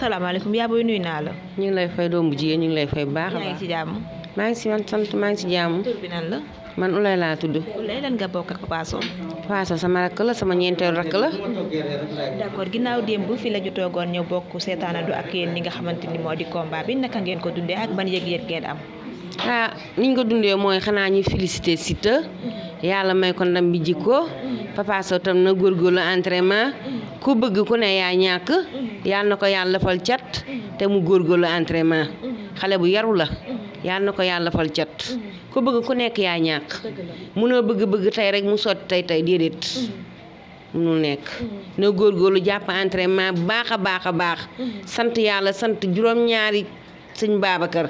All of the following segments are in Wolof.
salaamaaleykum yaa booy nuyu naa la. ñu ngi lay fay doomu jigéen ñu ngi lay fay bu baax a baax. yaa ngi ci jàmm. maa ngi si man sant maa ngi ci jàmm. tur bi nan la. man Ulay laa tudd. Ulay lan ak Papa Sow. Papa Sow sama rakk la sama ñeenteelu rakk la. d'accord ginnaaw démb fi la ñu toogoon ñëw bokk seetaanadu ak yéen ñi nga xamante ni moo di combat bi naka ngeen ko dundee ak ban yëg-yëg ngeen am. ah ni ñu ko dundee mooy xanaa ñu félicité Siteu. Mm-hmm. yàlla may ko ndam bi jikko. Mm-hmm. Papa Sow tam na góorgóorlu entraînement ku bëgg ku ne yaa ñàkk yal na ko yàlla fal cat te mu góorgóorlu entraînement xale bu yaru la yal na ko yàlla cat ku bëgg ku nekk yaa ñàkk munoo bëgg-bëgg tey rek mu sotti tey tey déedéet mu nekk na góor góorgóorlu jàpp entraînement baax a baax a baax sant yàlla sant juróom-ñaari sëñ Babacar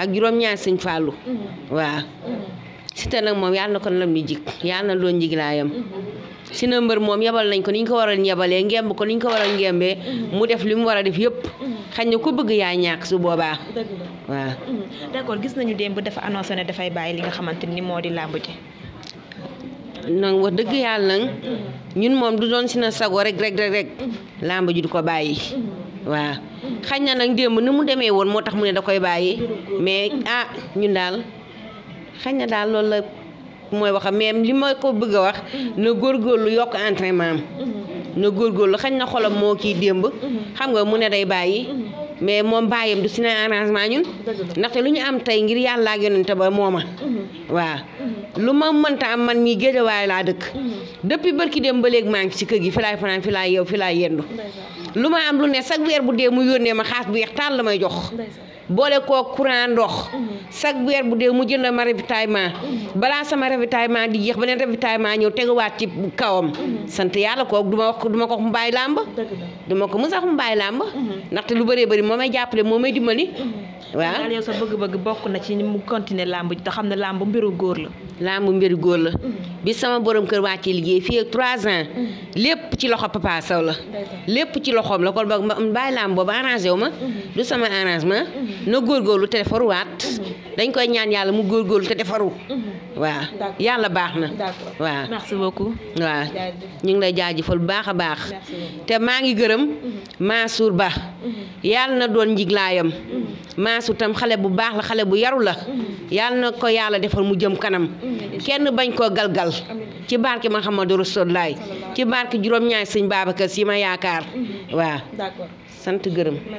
ak juróom-ñaari sëñ Fallou waaw Siteu nag moom yàlla na ko lam ni jik yàlla na loon njiglaayam na mbër moom yebal nañ ko ni ñu ko waral yabalee ngemb ko ni ñu ko waral ngembee mhm. mu def li mu war a def yépp mhm. xañ na ku bëgg yaa ñàkk su boobaa waa mhm. d'accord gis nañu démb dafa annoncé ne dafay bàyyi li nga xamante ni moo di làmb ji nag wax dëgg yàlla nag ñun moom du doon Sina sago rek rek rek rek ji du ko bàyyi waaw xañ na nag démb ni mu demee woon moo tax mu ne da koy bàyyi mais ah ñun daal xañ na daal loolu la mooy waxam mais li ma ko bëgg a wax na lu yokk entraînement am na góor góor lu xañ na xolam moo kii démb xam nga mu ne day bàyyi mais moom bàyyam du na arrangement ñun ndaxte lu ñu am tey ngir yàlla ak te ba mooma waaw lu ma mënta am man mii géejawaay laa dëkk depuis bërki dem ba léegi maa ngi ci kër gi fi laay fanaan fi laay yeew fi laay yendu lu ma am lu ne chaque weer bu dee mu yónnee ma xaas bu yeex taal la may jox boole koo courant ndox mhm. chaque weer bu dee mu jënd ma ravitaillement mhm. balaa sama ravitaillement di jeex beneen ravitaillement ñëw teguwaat ci kawam mhm. sant yàlla kooku duma wax ko wax mu bàyyi ko mu sax mu bàyyi làmb ndaxte lu bëree bëri moo may jàppale moo may dimbali waaw yow sa bëgg-bëgg bokk na ci mu continuer làmb te xam ne làmb mbiru góor la lamb mbiru góor la bi sama borom kër wàccee liggéey fii ak trois ans lépp ci loxo Papa la lépp ci loxoom la kon ba bàyyi làmb boobu arrangé wu ma du sama arrangement na góor góorgóorlu te defaruwaat dañ koy ñaan yàlla mu góor góorlu te defaru mhm. waaw yàlla baax na waaw merci ñu ngi lay jaajëfal bu baax a baax te maa ngi gërëm mhm. Mansour Ba mhm. yàlla na doon njiglaayam Mansour tam xale bu baax la xale bu yaru la yàlla na ko yàlla defar mu jëm kanam kenn bañ koo galgal ci ma barke Muhammadu Rasulullaay ci barke juróom-ñaari sëñ Babacar si ma yaakaar waaw sant gërëm